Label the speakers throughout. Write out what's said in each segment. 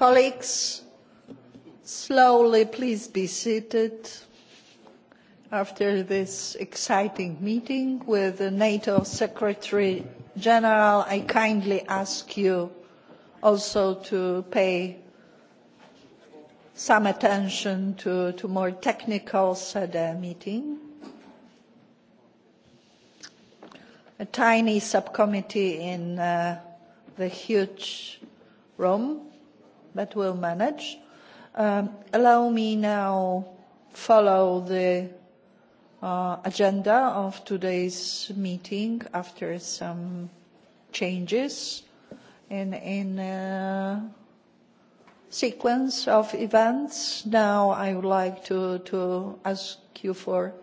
Speaker 1: colleagues slowly please be seated after this exciting meeting with the nato secretary general i kindly ask you also to pay some attention to, to more technical SEDA uh, meeting. A tiny subcommittee in uh, the huge room but we'll manage. Um, allow me now follow the uh, agenda of today's meeting after some changes in, in uh, sequence of events. Now I would like to, to ask you for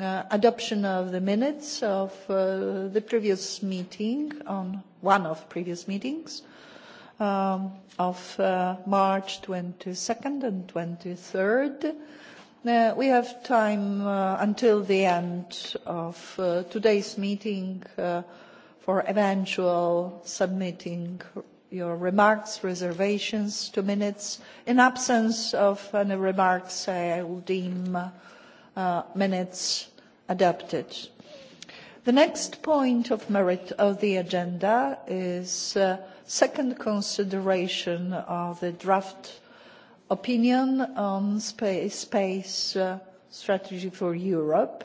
Speaker 1: uh, adoption of the minutes of uh, the previous meeting on one of previous meetings um, of uh, March 22nd and 23rd. Uh, we have time uh, until the end of uh, today's meeting uh, for eventual submitting your remarks, reservations, two minutes. In absence of any remarks, I will deem uh, minutes adopted. The next point of merit of the agenda is uh, second consideration of the draft opinion on space, space uh, strategy for europe.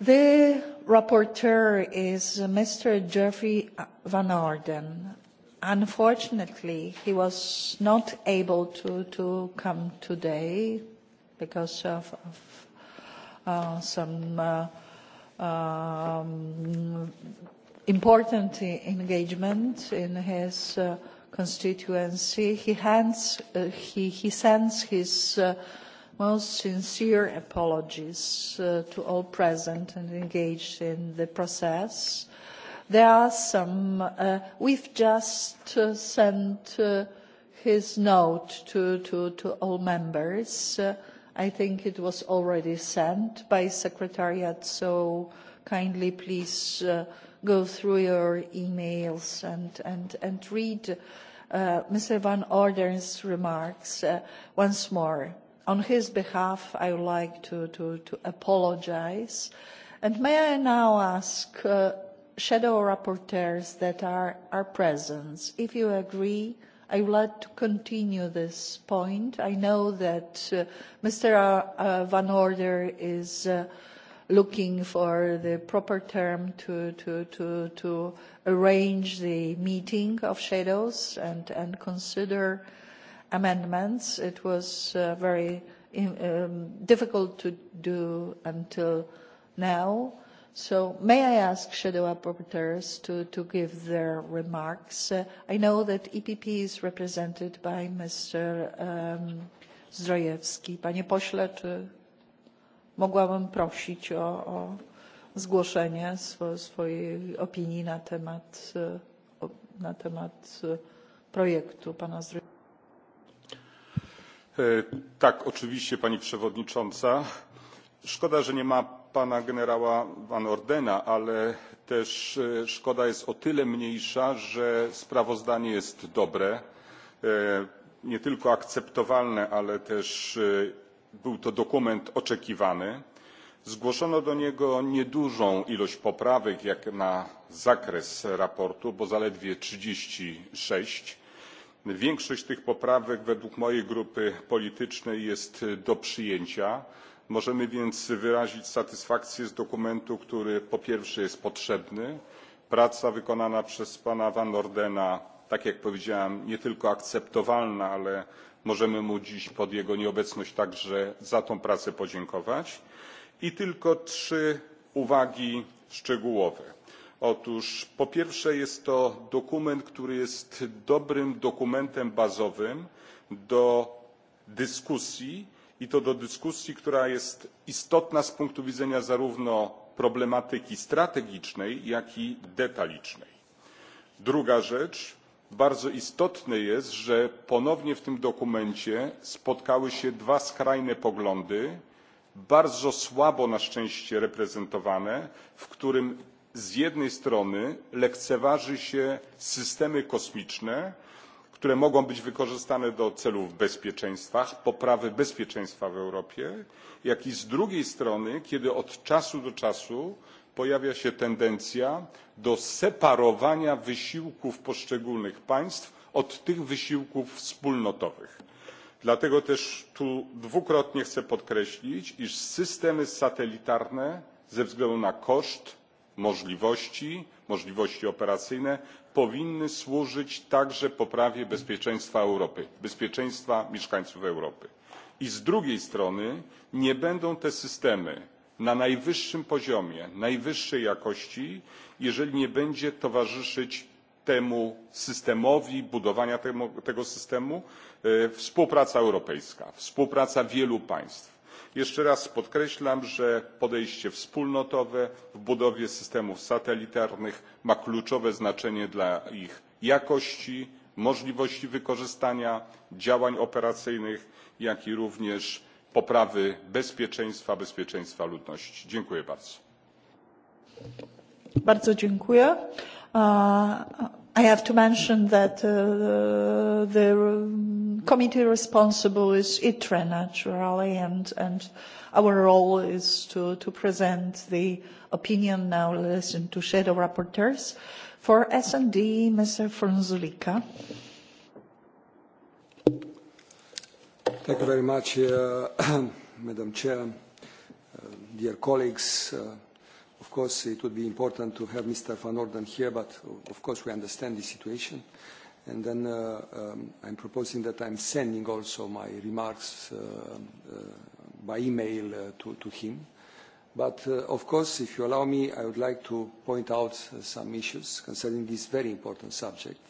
Speaker 1: the rapporteur is mr. jeffrey van orden. unfortunately, he was not able to, to come today because of, of uh, some uh, um, important engagement in his uh, constituency. He, hands, uh, he, he sends his uh, most sincere apologies uh, to all present and engaged in the process. There are some, uh, we've just uh, sent uh, his note to, to, to all members. Uh, I think it was already sent by Secretariat, so kindly please uh, go through your emails and, and, and read uh, Mr. Van Orden's remarks uh, once more. On his behalf, I would like to, to, to apologize. And may I now ask uh, shadow rapporteurs that are, are present, if you agree, I would like to continue this point. I know that uh, Mr. Uh, uh, Van Order is uh, looking for the proper term to, to, to, to arrange the meeting of shadows and, and consider amendments. It was uh, very um, difficult to do until now. So may I ask shadow rapporteurs to, to give their remarks? Uh, I know that EPP is represented by Mr. Um, Zdrojewski. Panie pośle, czy... To mogłabym prosić o, o zgłoszenie sw swojej opinii na temat, na temat projektu pana Zdro e,
Speaker 2: Tak, oczywiście pani przewodnicząca. Szkoda, że nie ma pana generała Van Ordena, ale też e, szkoda jest o tyle mniejsza, że sprawozdanie jest dobre, e, nie tylko akceptowalne, ale też był to dokument oczekiwany zgłoszono do niego niedużą ilość poprawek jak na zakres raportu bo zaledwie trzydzieści sześć większość tych poprawek według mojej grupy politycznej jest do przyjęcia możemy więc wyrazić satysfakcję z dokumentu który po pierwsze jest potrzebny praca wykonana przez pana van ordena tak jak powiedziałem nie tylko akceptowalna ale możemy mu dziś pod jego nieobecność także za tę pracę podziękować i tylko trzy uwagi szczegółowe. otóż po pierwsze jest to dokument który jest dobrym dokumentem bazowym do dyskusji i to do dyskusji która jest istotna z punktu widzenia zarówno problematyki strategicznej jak i detalicznej. druga rzecz bardzo istotne jest że ponownie w tym dokumencie spotkały się dwa skrajne poglądy bardzo słabo na szczęście reprezentowane w którym z jednej strony lekceważy się systemy kosmiczne które mogą być wykorzystane do celów bezpieczeństwa poprawy bezpieczeństwa w europie jak i z drugiej strony kiedy od czasu do czasu pojawia się tendencja do separowania wysiłków poszczególnych państw od tych wysiłków wspólnotowych. dlatego też tu dwukrotnie chcę podkreślić iż systemy satelitarne ze względu na koszt możliwości możliwości operacyjne powinny służyć także poprawie bezpieczeństwa europy bezpieczeństwa mieszkańców europy. i z drugiej strony nie będą te systemy na najwyższym poziomie najwyższej jakości jeżeli nie będzie towarzyszyć temu systemowi budowania temu, tego systemu e, współpraca europejska współpraca wielu państw jeszcze raz podkreślam że podejście wspólnotowe w budowie systemów satelitarnych ma kluczowe znaczenie dla ich jakości możliwości wykorzystania działań operacyjnych jak i również poprawy bezpieczeństwa bezpieczeństwa ludności. dziękuję bardzo.
Speaker 1: bardzo dziękuję. i have to mention that uh, the committee responsible is itre naturally and and our role is to to present the opinion now listen to shadow rapporteurs for sd mr. frunzulika.
Speaker 3: Thank you very much, uh, Madam Chair, uh, dear colleagues. Uh, of course, it would be important to have Mr. Van Orden here, but uh, of course we understand the situation. And then uh, um, I'm proposing that I'm sending also my remarks uh, uh, by email uh, to, to him. But uh, of course, if you allow me, I would like to point out uh, some issues concerning this very important subject.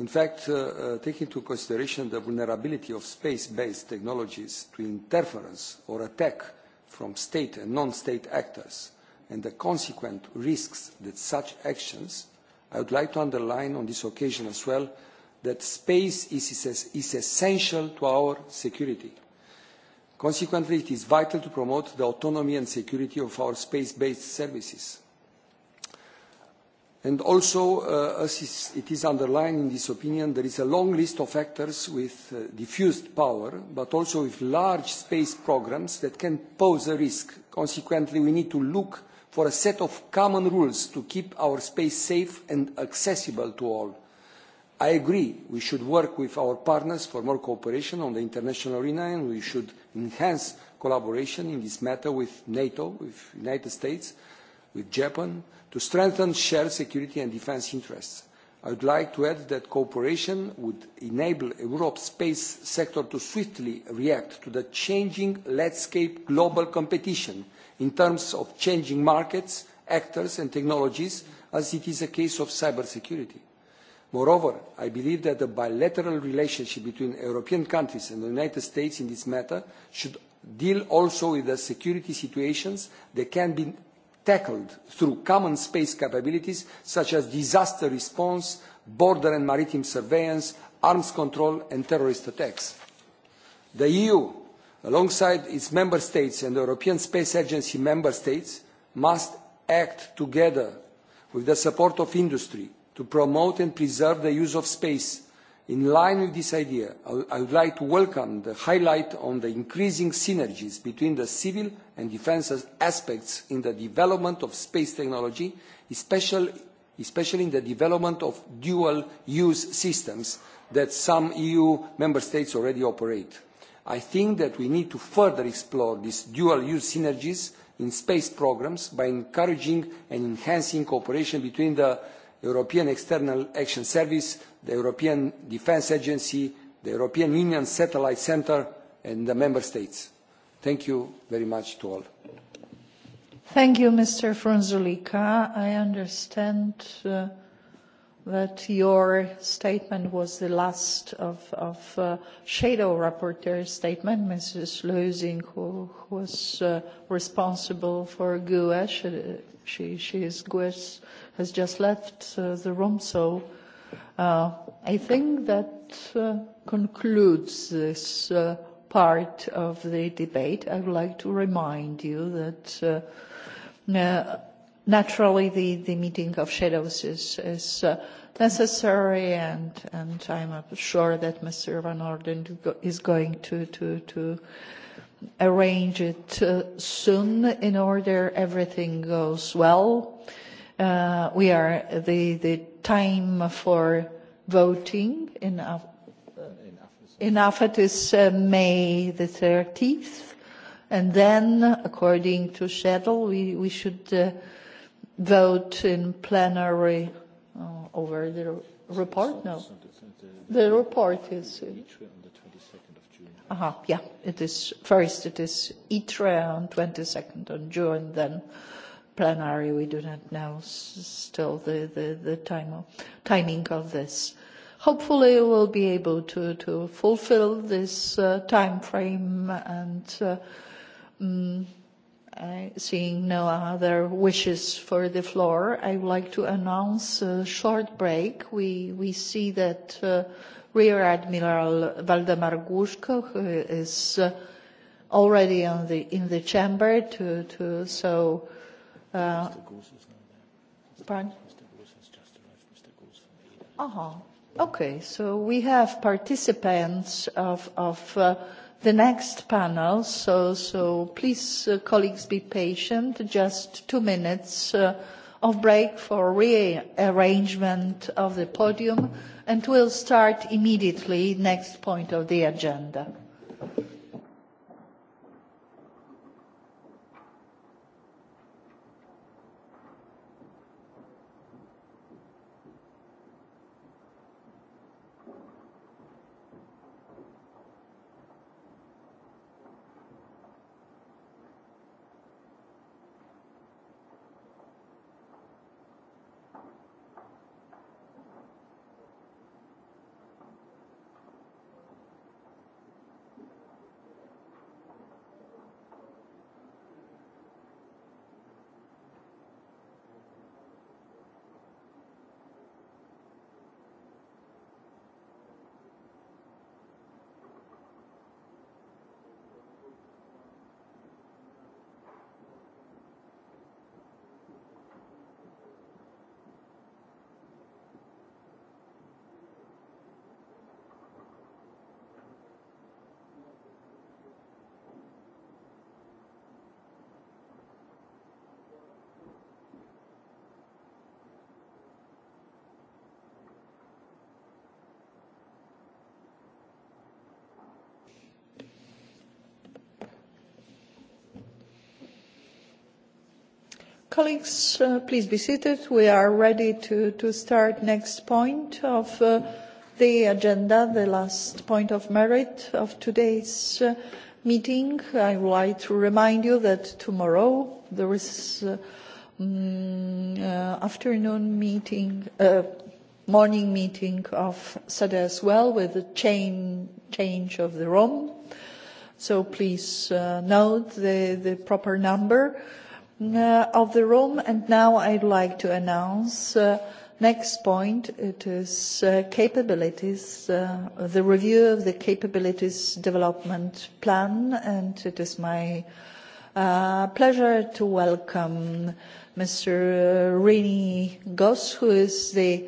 Speaker 3: In fact, uh, uh taking into consideration the vulnerability of space-based technologies to interference or attack from state and non-state actors and the consequent risks that such actions, I would like to underline on this occasion as well that space is, is, is essential to our security. Consequently, it is vital to promote the autonomy and security of our space-based services. And also, uh, as is, it is underlined in this opinion, there is a long list of actors with uh, diffused power, but also with large space programs that can pose a risk. Consequently, we need to look for a set of common rules to keep our space safe and accessible to all. I agree we should work with our partners for more cooperation on the international arena and we should enhance collaboration in this matter with NATO, with the United States, with Japan to strengthen shared security and defence interests. I would like to add that cooperation would enable Europe's space sector to swiftly react to the changing landscape global competition in terms of changing markets, actors and technologies, as it is a case of cybersecurity. Moreover, I believe that the bilateral relationship between European countries and the United States in this matter should deal also with the security situations that can be tackled through common space capabilities such as disaster response, border and maritime surveillance, arms control and terrorist attacks. The EU, alongside its member states and the European Space Agency member states, must act together with the support of industry to promote and preserve the use of space In line with this idea, I would like to welcome the highlight on the increasing synergies between the civil and defense aspects in the development of space technology, especially in the development of dual-use systems that some EU member states already operate. I think that we need to further explore these dual-use synergies in space programs by encouraging and enhancing cooperation between the european external action service the european defence agency the european union satellite centre and the member states. thank you very much to all.
Speaker 1: thank you mr frunzulic. i understand that uh, that your statement was the last of, of uh, shadow rapporteur's statement, Mrs. Leusing, who, who was uh, responsible for GUE. She, uh, she, she is GUE, has just left uh, the room. So uh, I think that uh, concludes this uh, part of the debate. I would like to remind you that uh, uh, naturally the, the meeting of shadows is, is uh, necessary and, and I'm sure that Mr. Van Orden is going to, to, to arrange it uh, soon in order everything goes well. Uh, we are the, the time for voting in Af- uh, in Afet is, in Afet is uh, May the 13th and then according to schedule we, we should uh, vote in plenary uh, over the report? No. The report is. Uh -huh, yeah, it is first it is ITRE on 22nd on June, then plenary, we do not know still the, the, the time of, timing of this. Hopefully we'll be able to, to fulfill this uh, time frame and uh, mm, Seeing no other wishes for the floor, I would like to announce a short break. We see that uh, Rear Admiral Waldemar Głuszko, who is uh, already in the chamber to so. Uh, Mr. Goose is not there. Pardon? Mr. Goose has just arrived. Mr. Goose. Uh-huh. Okay. We have participants of The next panel, so please, uh, colleagues, be patient. Just two minutes uh, of break for rearrangement of the podium, and we'll start immediately next point of the agenda. colleagues uh, please be seated we are ready to to start next point of uh, the agenda the last point of merit of today's uh, meeting i would like to remind you that tomorrow there is uh, um, uh, afternoon meeting uh, morning meeting of sada e as well with the chain change of the room so please uh, note the the proper number uh, Uh, of the room. And now I'd like to announce uh, next point. It is uh, capabilities, the review of the capabilities development plan. And it is my pleasure to welcome Mr. René Goos, who is the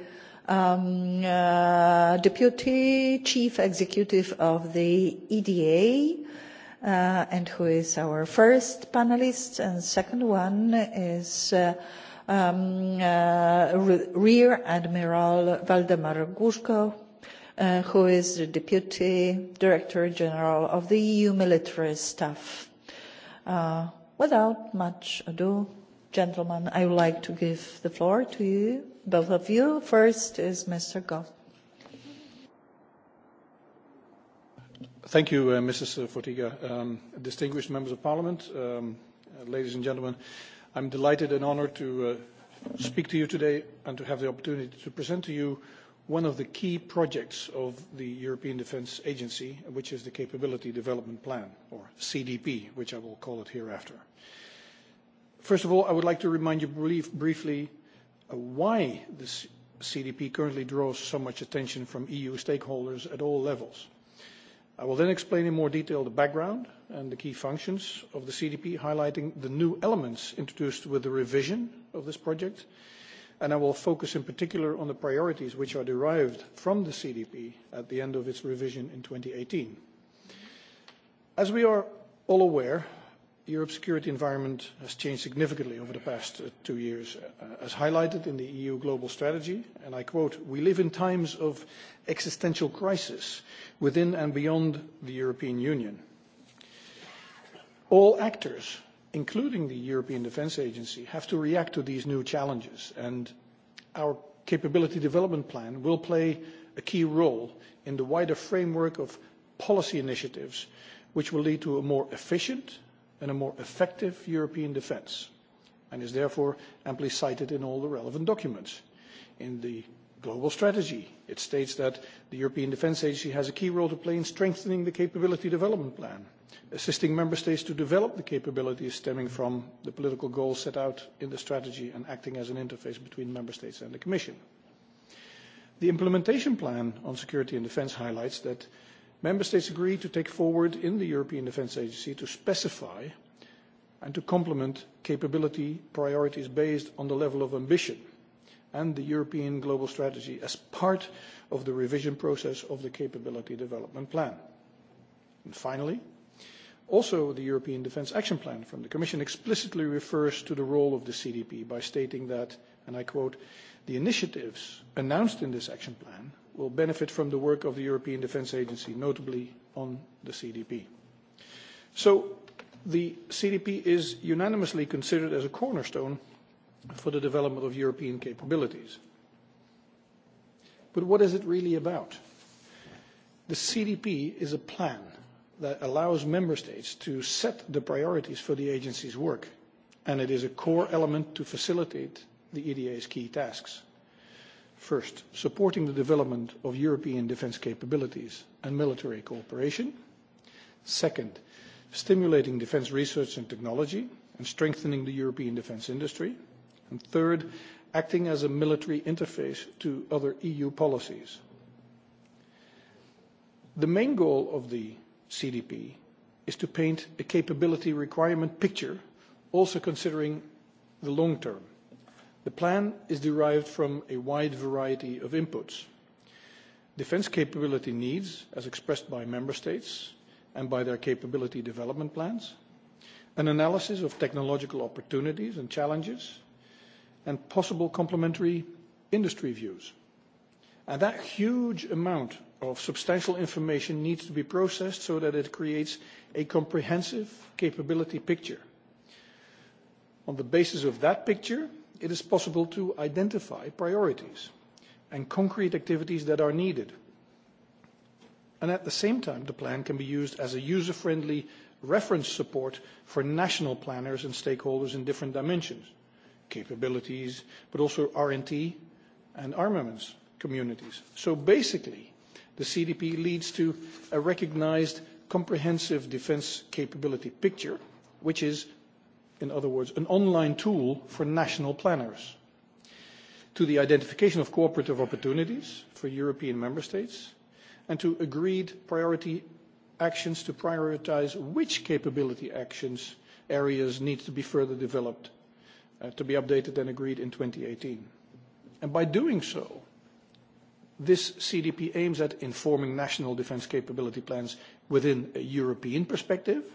Speaker 1: um, Deputy Chief Executive of the EDA. Uh, and who is our first panelist. And second one is uh, um, uh, Rear Admiral Valdemar Guzko, uh, who is the Deputy Director General of the EU Military Staff. Uh, without much ado, gentlemen, I would like to give the floor to you, both of you. First is Mr. Goff.
Speaker 4: Thank you, uh, Mrs. Fortiga. Um, distinguished members of parliament, um, ladies and gentlemen, I'm delighted and honored to uh, speak to you today and to have the opportunity to present to you one of the key projects of the European Defence Agency, which is the Capability Development Plan, or CDP, which I will call it hereafter. First of all, I would like to remind you brief, briefly uh, why this CDP currently draws so much attention from EU stakeholders at all levels. I will then explain in more detail the background and the key functions of the CDP, highlighting the new elements introduced with the revision of this project, and I will focus in particular on the priorities which are derived from the CDP at the end of its revision in 2018. As we are all aware, Europe's security environment has changed significantly over the past uh, two years, uh, uh, as highlighted in the EU Global Strategy, and I quote, "We live in times of existential crisis within and beyond the European Union." All actors, including the European Defence Agency, have to react to these new challenges, and our capability development plan will play a key role in the wider framework of policy initiatives, which will lead to a more efficient and a more effective European defense, and is therefore amply cited in all the relevant documents. In the global strategy, it states that the European Defence Agency has a key role to play in strengthening the capability development plan, assisting member states to develop the capabilities stemming from the political goals set out in the strategy and acting as an interface between member states and the Commission. The implementation plan on security and defense highlights that member states agreed to take forward in the european defence agency to specify and to complement capability priorities based on the level of ambition and the european global strategy as part of the revision process of the capability development plan. and finally, also the european defence action plan from the commission explicitly refers to the role of the cdp by stating that, and i quote, the initiatives announced in this action plan will benefit from the work of the European Defence Agency, notably on the CDP. So the CDP is unanimously considered as a cornerstone for the development of European capabilities. But what is it really about? The CDP is a plan that allows member states to set the priorities for the agency's work, and it is a core element to facilitate the EDA's key tasks. First, supporting the development of European defense capabilities and military cooperation. Second, stimulating defense research and technology and strengthening the European defense industry. And third, acting as a military interface to other EU policies. The main goal of the CDP is to paint a capability requirement picture, also considering the long term. The plan is derived from a wide variety of inputs. Defense capability needs, as expressed by member states and by their capability development plans, an analysis of technological opportunities and challenges, and possible complementary industry views. That huge amount of substantial information needs to be processed so that it creates a comprehensive capability picture. On the basis of that picture, it is possible to identify priorities and concrete activities that are needed. At the same time, the plan can be used as a user-friendly reference support for national planners and stakeholders in different dimensions, capabilities, but also R&D and armaments communities. Basically, the CDP leads to a recognized comprehensive defense capability picture, which is in other words, an online tool for national planners, to the identification of cooperative opportunities for European member states, and to agreed priority actions to prioritize which capability actions areas need to be further developed uh, to be updated and agreed in 2018. And by doing so, this CDP aims at informing national defense capability plans within a European perspective –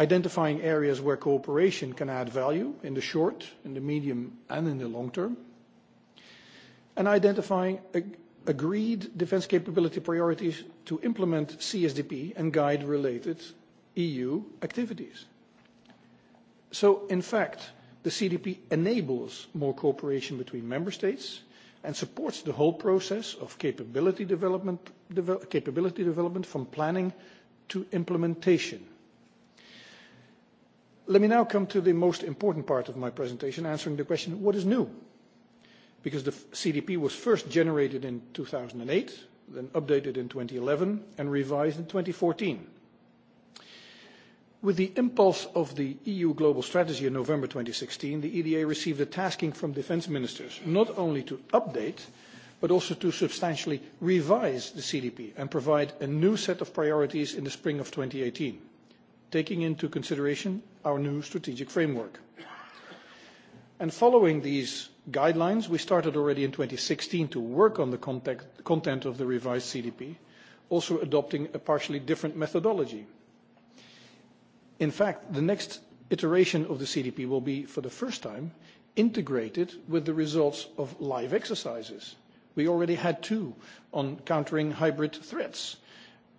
Speaker 4: identifying areas where cooperation can add value in the short, in the medium, and in the long term, and identifying agreed defense capability priorities to implement CSDP and guide related EU activities. So in fact, the CDP enables more cooperation between member states and supports the whole process of capability development from planning to implementation. Let me now come to the most important part of my presentation, answering the question, what is new? Because the CDP was first generated in 2008, then updated in 2011, and revised in 2014. With the impulse of the EU Global Strategy in November 2016, the EDA received a tasking from defense ministers, not only to update, but also to substantially revise the CDP and provide a new set of priorities in the spring of 2018 taking into consideration our new strategic framework. Following these guidelines, we started already in 2016 to work on the content of the revised CDP, also adopting a partially different methodology. In fact, the next iteration of the CDP will be, for the first time, integrated with the results of live exercises. We already had two on countering hybrid threats,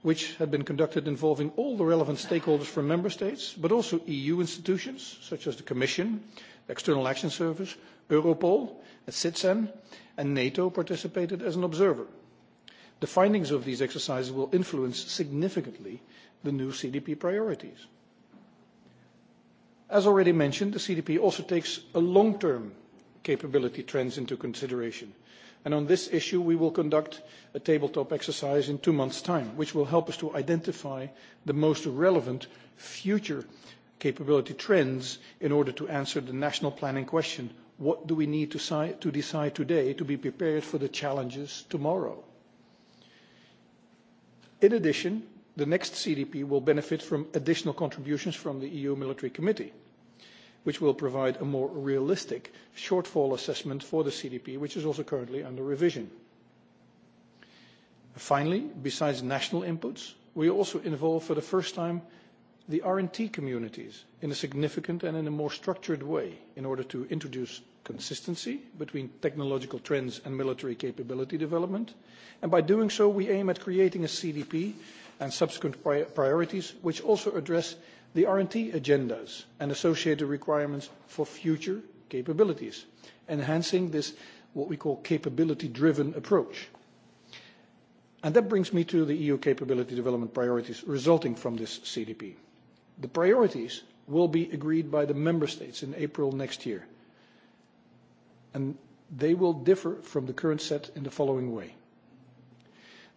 Speaker 4: which had been conducted involving all the relevant stakeholders from member states, but also EU institutions such as the Commission, External Action Service, Europol, CITSEN, and NATO participated as an observer. The findings of these exercises will influence significantly the new CDP priorities. As already mentioned, the CDP also takes a long-term capability trends into consideration, and on this issue we will conduct a tabletop exercise in two months' time, which will help us to identify the most relevant future capability trends in order to answer the national planning question, what do we need to, si to decide today to be prepared for the challenges tomorrow? In addition, the next CDP will benefit from additional contributions from the EU Military Committee which will provide a more realistic shortfall assessment for the CDP, which is also currently under revision. Finally, besides national inputs, we also involve for the first time the R&T communities in a significant and in a more structured way in order to introduce consistency between technological trends and military capability development. By doing so, we aim at creating a CDP and subsequent priorities which also address the R&D agendas and associated requirements for future capabilities, enhancing this, what we call capability-driven approach. That brings me to the EU capability development priorities resulting from this CDP. The priorities will be agreed by the member states in April next year, and they will differ from the current set in the following way.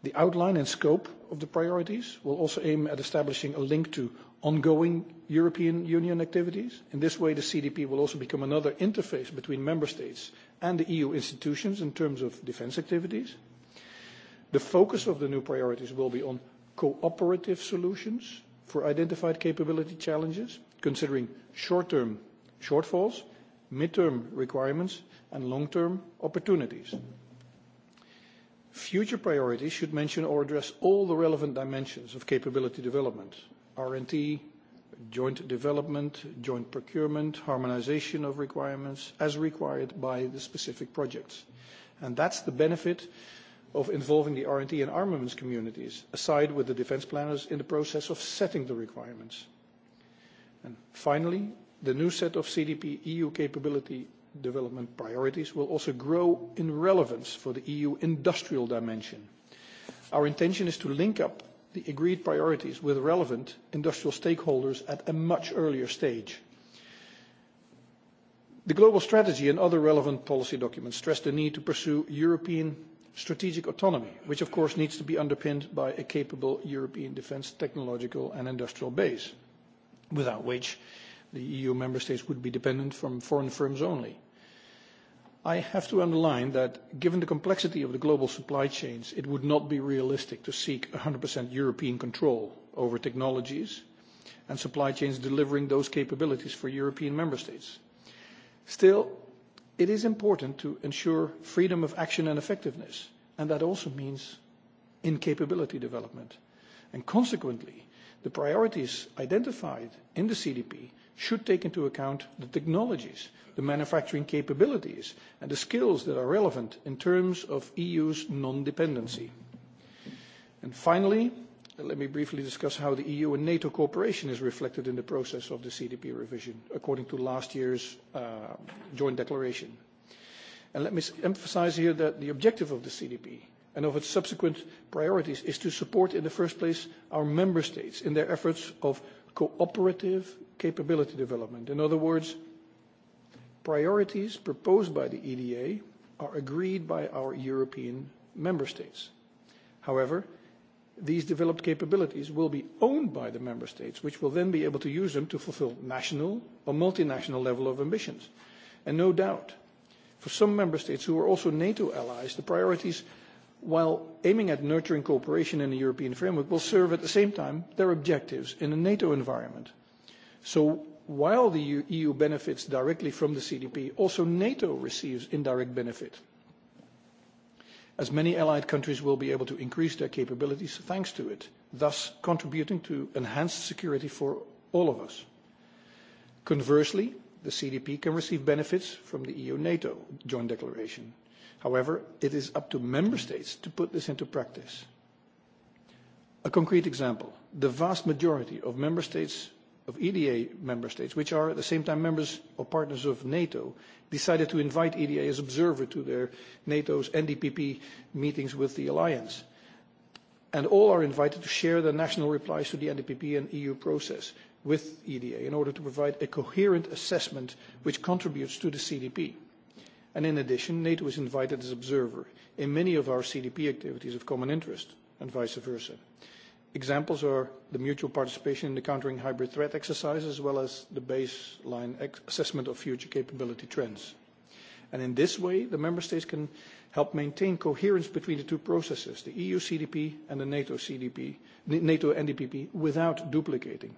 Speaker 4: The outline and scope of the priorities will also aim at establishing a link to ongoing European Union activities. In this way, the CDP will also become another interface between member states and the EU institutions in terms of defense activities. The focus of the new priorities will be on cooperative solutions for identified capability challenges, considering short-term shortfalls, mid-term requirements, and long-term opportunities. Future priorities should mention or address all the relevant dimensions of capability development, R&D, joint development, joint procurement, harmonization of requirements as required by the specific projects. That's the benefit of involving the R&D and armaments communities, aside with the defense planners in the process of setting the requirements. Finally, the new set of CDP EU capability development priorities will also grow in relevance for the EU industrial dimension. Our intention is to link up the agreed priorities with relevant industrial stakeholders at a much earlier stage. The global strategy and other relevant policy documents stress the need to pursue European strategic autonomy, which of course needs to be underpinned by a capable European defense technological and industrial base, without which the EU member states would be dependent from foreign firms only. I have to underline that given the complexity of the global supply chains, it would not be realistic to seek 100% European control over technologies and supply chains delivering those capabilities for European member states. Still, it is important to ensure freedom of action and effectiveness, and that also means in capability development. Consequently, the priorities identified in the CDP should take into account the technologies, the manufacturing capabilities, and the skills that are relevant in terms of EU's non-dependency. And finally, let me briefly discuss how the EU and NATO cooperation is reflected in the process of the CDP revision, according to last year's uh, joint declaration. And let me emphasize here that the objective of the CDP and of its subsequent priorities is to support, in the first place, our member states in their efforts of cooperative capability development. In other words, priorities proposed by the EDA are agreed by our European member states. However, these developed capabilities will be owned by the member states, which will then be able to use them to fulfill national or multinational level of ambitions. And no doubt, for some member states who are also NATO allies, the priorities while aiming at nurturing cooperation in the European framework, will serve at the same time their objectives in a NATO environment. So while the EU e benefits directly from the CDP, also NATO receives indirect benefit, as many allied countries will be able to increase their capabilities thanks to it, thus contributing to enhanced security for all of us. Conversely, the CDP can receive benefits from the EU NATO joint declaration. However, it is up to member states to put this into practice. A concrete example the vast majority of member states, of EDA member states, which are at the same time members or partners of NATO, decided to invite EDA as observer to their NATO's NDPP meetings with the alliance. And all are invited to share their national replies to the NDPP and EU process with EDA in order to provide a coherent assessment which contributes to the CDP. And in addition, NATO is invited as observer in many of our CDP activities of common interest and vice versa. Examples are the mutual participation in the countering hybrid threat exercise, as well as the baseline assessment of future capability trends. And in this way, the member states can help maintain coherence between the two processes, the EU CDP and the NATO CDP, the NATO NDPP, without duplicating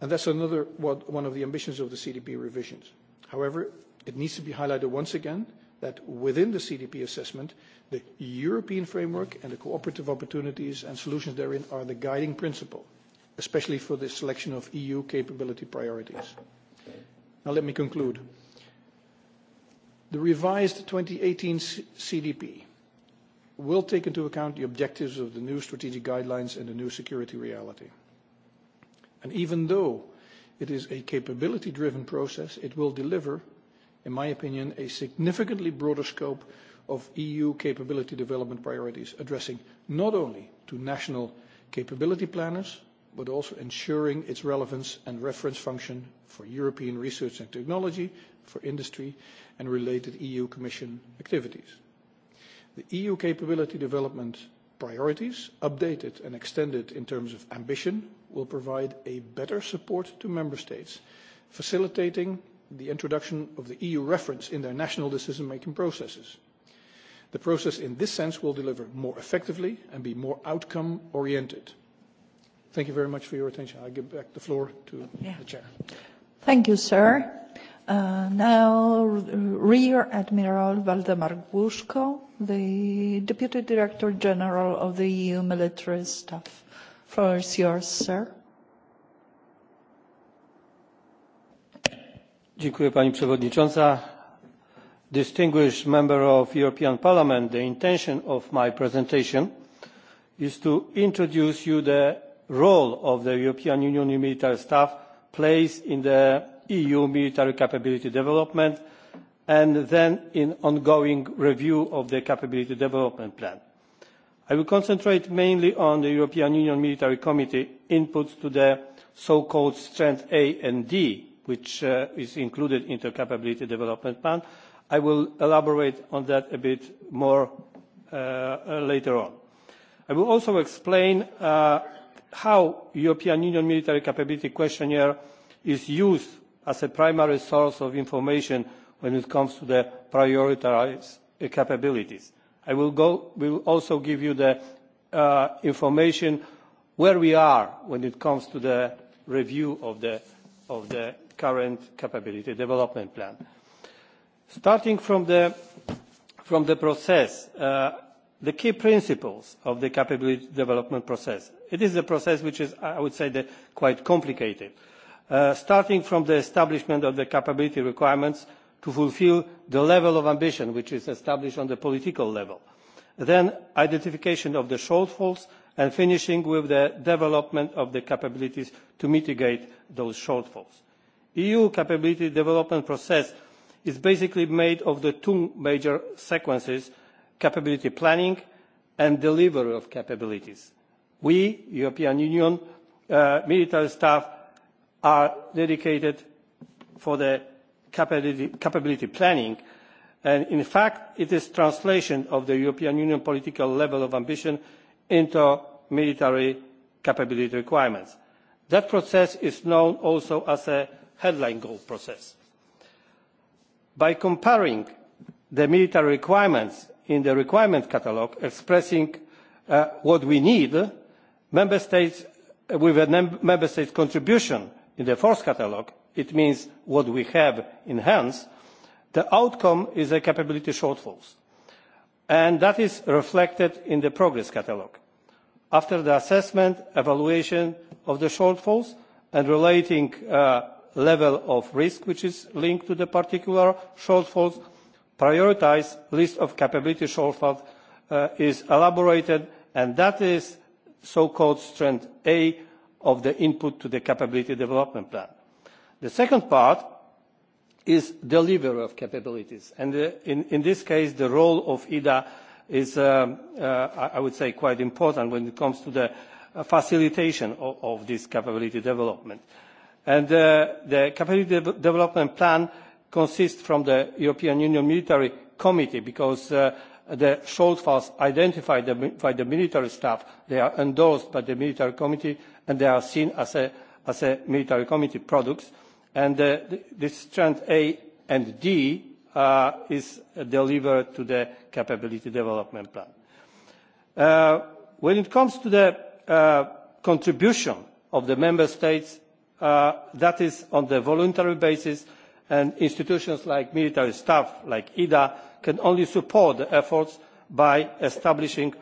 Speaker 4: and that's another one of the ambitions of the CDP revisions. However, it needs to be highlighted once again that within the CDP assessment, the European framework and the cooperative opportunities and solutions therein are the guiding principle, especially for the selection of EU capability priorities. Now, let me conclude. The revised 2018 CDP will take into account the objectives of the new strategic guidelines and the new security reality. Even though it is a capability-driven process, it will deliver, in my opinion, a significantly broader scope of EU capability development priorities, addressing not only to national capability planners, but also ensuring its relevance and reference function for European research and technology, for industry, and related EU Commission activities. The EU capability development priorities, updated and extended in terms of ambition, will provide a better support to member states, facilitating the introduction of the EU reference in their national decision-making processes. The process, in this sense, will deliver more effectively and be more outcome-oriented. Thank you very much for your attention. I give back the floor to the chair.
Speaker 1: Thank you, sir. Uh, now, Rear Admiral Waldemar Głuszko, the Deputy Director General of the EU Military Staff. Floor is yours, sir.
Speaker 5: Dziękuję pani przewodnicząca. Distinguished member of European Parliament, the intention of my presentation is to introduce you the role of the European Union military staff plays in the eu military capability development and then in an ongoing review of the capability development plan. i will concentrate mainly on the european union military committee inputs to the so called strand a and d which uh, is included in the capability development plan. i will elaborate on that a bit more uh, uh, later on. i will also explain how the european union military capability questionnaire is used as a primary source of information when it comes to the prioritised capabilities. i will also give you the uh, information on where we are when it comes to the review of the current capability development plan. starting from the process uh, the key principles of the capability development process it is a process which is i would say quite complicated. Uh, starting from the establishment of the capability requirements to fulfil the level of ambition which is established on the political level then identification of the shortfalls and finishing with the development of the capabilities to mitigate those shortfalls. the eu capability development process is basically made of the two major sequences capability planning and delivery of capabilities. we the european union uh, military staff are dedicated for the capability planning. In fact, it is translation of the European Union political level of ambition into military capability requirements. That process is known also as a headline goal process. By comparing the military requirements in the requirement catalog expressing uh, what we need, member states with a member state contribution in the force catalogue it means what we have in hand the outcome is a capability shortfall and that is reflected in the progress catalogue. after the assessment evaluation of the shortfalls and relating uh, level of risk which is linked to the particular shortfalls a prioritised list of capability shortfalls uh, is elaborated and that is so called strand of the input to the capability development plan. The second part is delivery of capabilities. And uh, in, in this case, the role of IDA is, um, uh, uh, I would say, quite important when it comes to the uh, facilitation of, of this capability development. And uh, the capability de development plan consists from the European Union Military Committee because uh, the shortfalls identified by the military staff, they are endorsed by the military committee and they are seen as a military committee product. Uh, this strand A and D uh, is delivered to the capability development plan. Uh, when it comes to the contribution of the member states, that is on the voluntary basis, and institutions like military staff, like EDA, can only support the efforts by establishing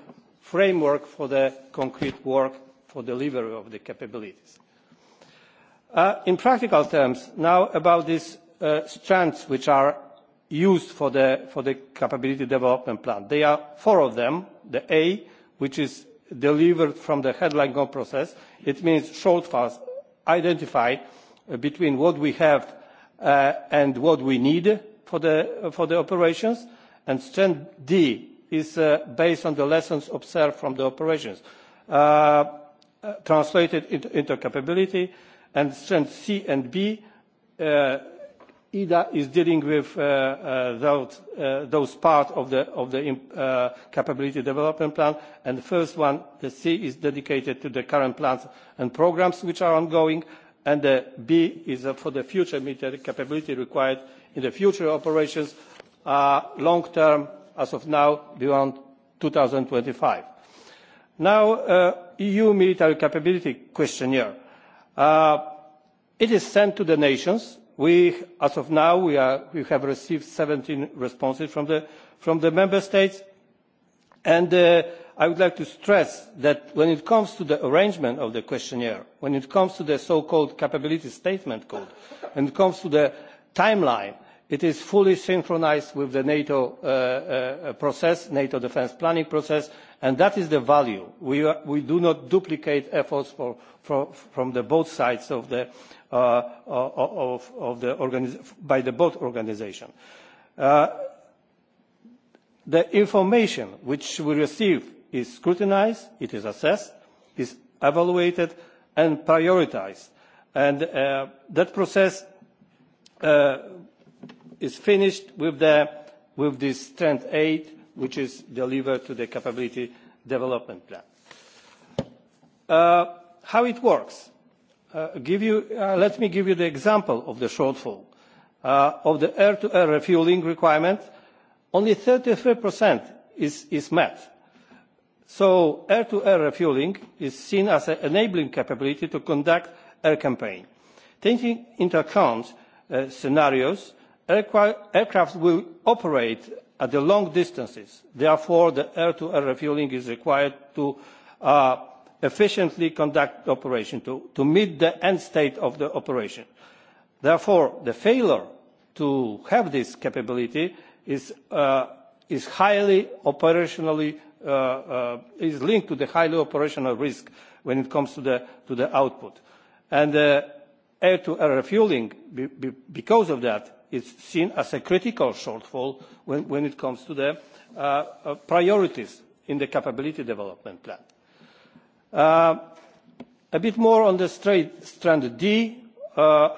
Speaker 5: framework for the concrete work for delivery of the capabilities. Uh, in practical terms, now about these uh, strands which are used for the, for the capability development plan. There are four of them. The A, which is delivered from the headline goal process. It means shortfalls identified uh, between what we have uh, and what we need for the, uh, for the operations. And strand D is uh, based on the lessons observed from the operations. Uh, translated intercapability and strength c and b eda uh, is dealing with uh, uh, those parts of the capability development plan and the first one the c is dedicated to the current plans and programmes which are ongoing and the b is for the future military capability required in the future operations long term as of now beyond. two thousand and twenty five eu military capability questionnaire. Uh, it is sent to the nations. as of now we have received seventeen responses from the member states and uh, i would like to stress that when it comes to the arrangement of the questionnaire when it comes to the so called capability statement code and when it comes to the timeline it is fully synchronised with the nato uh, uh, uh, process the nato defence planning process and that is the value. we do not duplicate efforts from both sides by both organisations. the information which we receive is scrutinised it is assessed it is evaluated and prioritised and that process is finished with, the, with this strength 8, which is delivered to the capability development plan. Uh, how it works? Uh, give you, uh, let me give you the example of the shortfall. Uh, of the air-to-air -air refueling requirement, only 33% is, is met. So air-to-air -air refueling is seen as an enabling capability to conduct air campaign. Taking into account uh, scenarios, uh, aircraft will operate at long distances therefore the air to air refuelling is required to uh, efficiently conduct the operation to meet the end state of the operation. therefore the failure to have this capability is uh, highly operationally uh, is linked to the highly operational risk when it comes to the to the output. and air to air refuelling because of is seen as a critical shortfall when it comes to the uh, uh, priorities in the capability development plan. Uh, a bit more on the strand d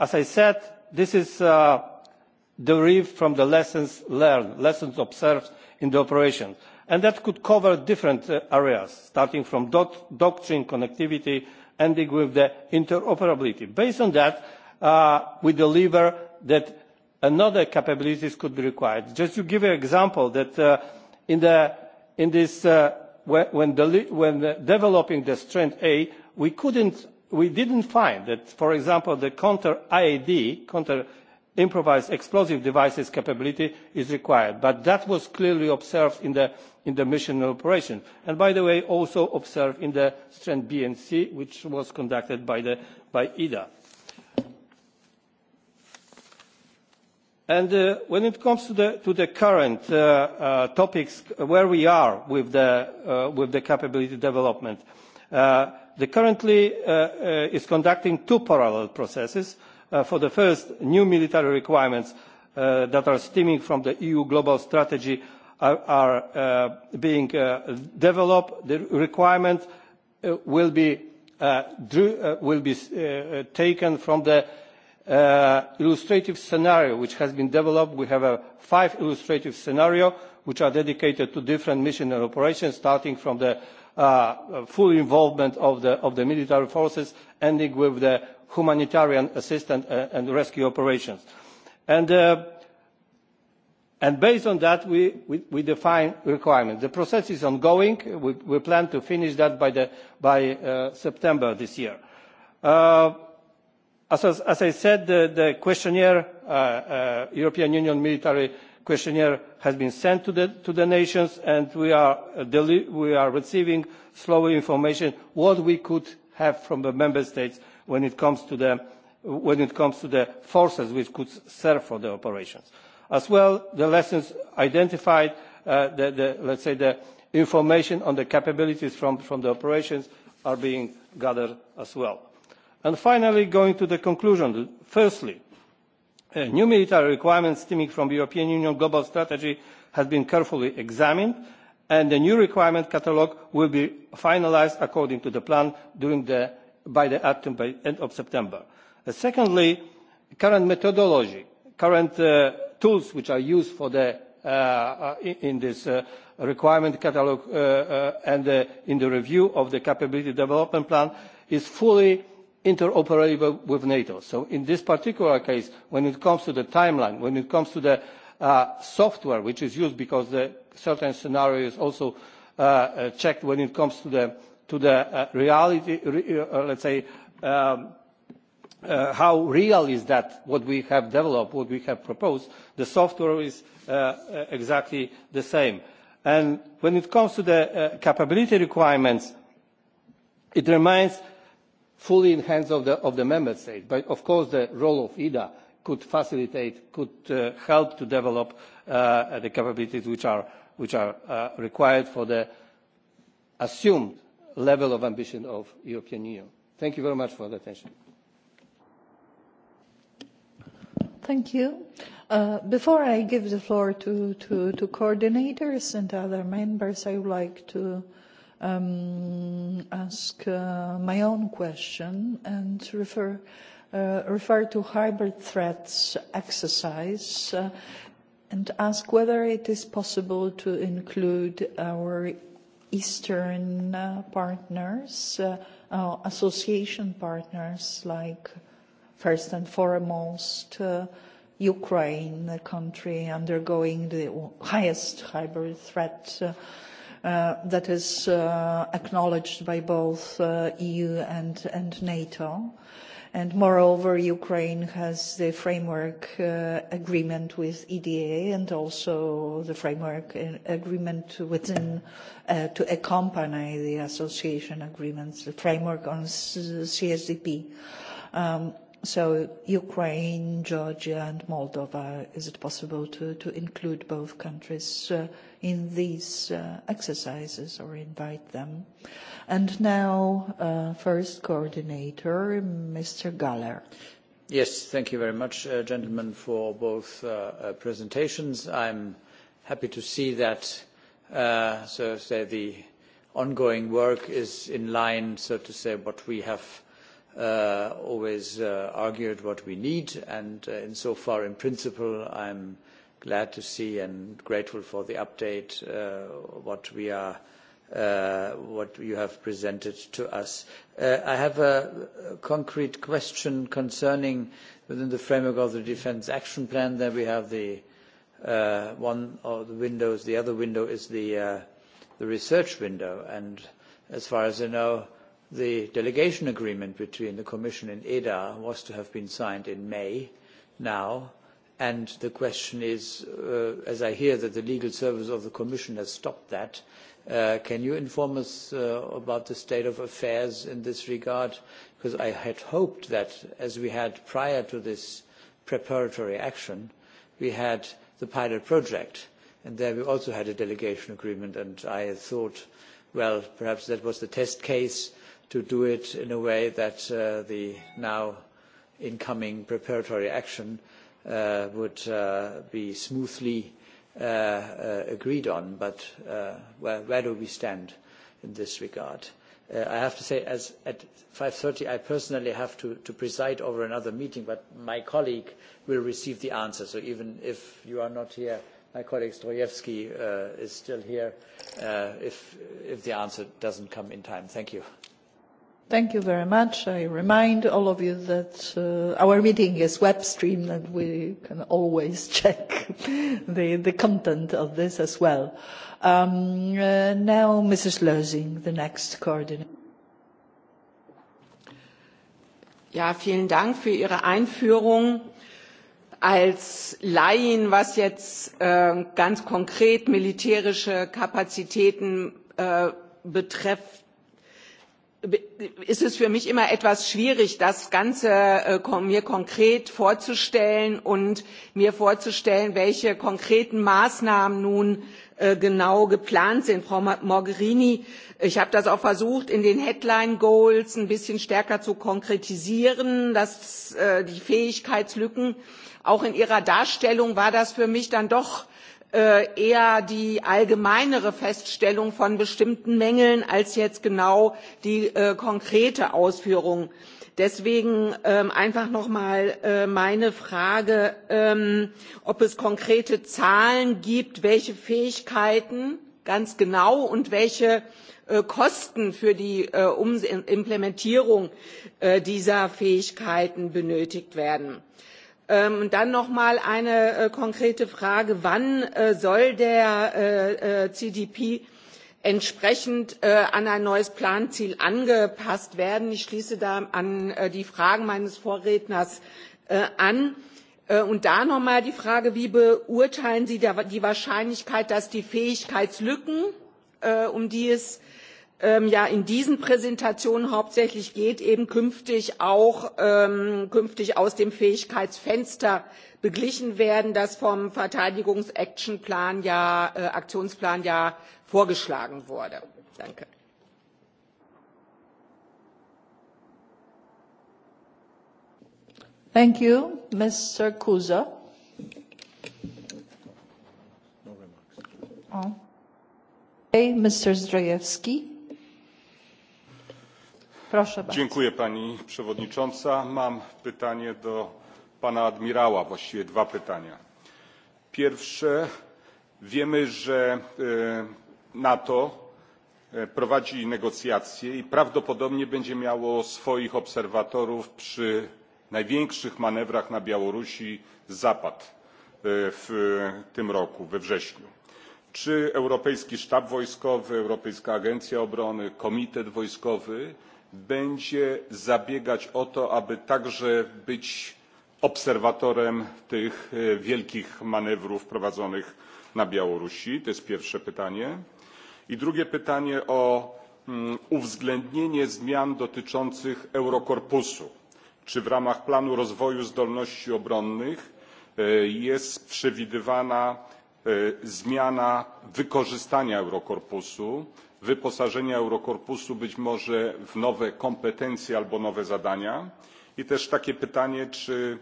Speaker 5: as i said this is derived from the lessons learned lessons observed in the operation and that could cover different areas starting from doctrine connectivity ending with interoperability. based on that we deliver that other capabilities could be required. just to give you an example when developing the strength a we did not find that for example the counter ied counter improvised explosive devices capability is required but that was clearly observed in the mission operation and by the way also observed in the strength b and c which was conducted by eda. Uh, when it comes to the current uh, uh, topics where we are with the capability development we are currently conducting two parallel processes for the first new military requirements that are stemming from the eu global strategy are being developed the requirements will be taken from the Uh, illustrative scenario which has been developed we have five illustrative scenarios which are dedicated to different missions and operations starting from the uh, full involvement of the military forces ending with the humanitarian assistance and rescue operations. Uh, based on that we define requirements. the process is ongoing. we plan to finish that by september this year as i said the questionnaire the uh, uh, european union military questionnaire has been sent to the nations and we are uh, receiving slowly information on what we could have from the member states when it comes to the forces which could serve for the operations. as well the lessons identified let us say the information on the capabilities from the operations are being gathered as well finally going to the conclusion firstly uh, new military requirements stemming from the european union global strategy have been carefully examined and the new requirement catalogue will be finalised according to the plan by the end of september. Uh, secondly the current methodology the current uh, tools which are used in this requirement catalogue and in the review of the capability development plan is fully interoperable with NATO. So in this particular case, when it comes to the timeline, when it comes to the uh, software which is used because the certain scenario is also uh, uh, checked when it comes to the, to the uh, reality, re, uh, uh let's say, um, uh, how real is that what we have developed, what we have proposed, the software is uh, uh exactly the same. And when it comes to the uh, capability requirements, it remains uh, fully in the hands of the member states but of course the role of eida could facilitate could uh, help to develop uh, the capabilities which are uh, required for the assumed level of ambition of the european union. thank you very much for your attention.
Speaker 1: thank you. before i give the floor to coordinators and other members i would like um, ask uh, my own question and refer uh, refer to hybrid threats exercise uh, and ask whether it is possible to include our Eastern uh, partners, uh, our association partners like first and foremost uh, Ukraine, the country undergoing the highest hybrid threat uh, Uh, that is uh, acknowledged by both uh, EU and, and NATO. And moreover, Ukraine has the framework uh, agreement with EDA and also the framework uh, agreement within uh, to accompany the association agreements, the framework on CSDP. Um, So Ukraine, Georgia, and Moldova, is it possible to include both countries uh, in these uh, exercises or invite them? And now, uh, first coordinator, Mr. Galler.
Speaker 6: Yes, thank you very much, gentlemen, for both presentations. I'm happy to see that, so say, the ongoing work is in line, so to say, what we have uh, always uh, argued what we need, and uh, in so far, in principle, I'm glad to see and grateful for the update uh, what we are, uh, what you have presented to us. Uh, I have a, a concrete question concerning, within the framework of the Defence Action Plan, that we have the uh, one of the windows. The other window is the uh, the research window, and as far as I know. The delegation agreement between the Commission and EDA was to have been signed in May now. And the question is, uh, as I hear that the legal service of the Commission has stopped that, uh, can you inform us uh, about the state of affairs in this regard? Because I had hoped that, as we had prior to this preparatory action, we had the pilot project, and there we also had a delegation agreement, and I thought, well, perhaps that was the test case, uh, to do it in a way that uh, the now incoming preparatory action uh, would uh, be smoothly uh, uh, agreed on. But uh, where, where do we stand in this regard? Uh, I have to say, as at 5.30, I personally have to, to preside over another meeting, but my colleague will receive the answer. So even if you are not here, my colleague Stroyevsky uh, is still here uh, if, if the answer doesn't come in time. Thank you.
Speaker 1: Thank you very much. I remind all of you that uh, our meeting is web stream and we can always check the, the content of this as well. Um, uh, now, Mrs. Lösing, the next coordinator.
Speaker 7: Ja, vielen Dank für Ihre Einführung. Als Laien, was jetzt äh, ganz konkret militärische Kapazitäten äh, betrifft, ist es für mich immer etwas schwierig, das Ganze äh, mir konkret vorzustellen und mir vorzustellen, welche konkreten Maßnahmen nun äh, genau geplant sind. Frau Mogherini, ich habe das auch versucht, in den Headline Goals ein bisschen stärker zu konkretisieren, dass äh, die Fähigkeitslücken auch in Ihrer Darstellung war das für mich dann doch Äh, eher die allgemeinere Feststellung von bestimmten Mängeln als jetzt genau die äh, konkrete Ausführung. Deswegen ähm, einfach nochmal äh, meine Frage, ähm, ob es konkrete Zahlen gibt, welche Fähigkeiten ganz genau und welche äh, Kosten für die äh, um Implementierung äh, dieser Fähigkeiten benötigt werden. Äh, Ähm, und dann noch mal eine äh, konkrete Frage: Wann äh, soll der äh, CDP entsprechend an ein neues Planziel angepasst werden? Ich schließe da an die Fragen meines Vorredners an. Und da noch mal die Frage: Wie beurteilen Sie die Wahrscheinlichkeit, dass die Fähigkeitslücken, um die es ähm, ja in diesen Präsentationen hauptsächlich geht, eben künftig auch ähm, künftig aus dem Fähigkeitsfenster beglichen werden, das vom Verteidigungs-Action-Plan ja äh, Aktionsplan ja vorgeschlagen wurde. Danke.
Speaker 1: Thank you, Mr. Kusa. No remarks. Oh. Okay, Mr. Zdrajewski
Speaker 2: pani przewodnicząca! mam pytanie do pana admirała właściwie dwa pytania. pierwsze wiemy że e, nato e, prowadzi negocjacje i prawdopodobnie będzie miało swoich obserwatorów przy największych manewrach na białorusi zapad e, w tym roku we wrześniu. czy europejski sztab wojskowy europejska agencja obrony komitet wojskowy będzie zabiegać o to aby także być obserwatorem tych e, wielkich manewrów prowadzonych na białorusi? to jest pierwsze pytanie. i drugie pytanie o mm, uwzględnienie zmian dotyczących eurokorpusu czy w ramach planu rozwoju zdolności obronnych e, jest przewidywana e, zmiana wykorzystania eurokorpusu? wyposażenia eurokorpusu być może w nowe kompetencje albo nowe zadania i też takie pytanie czy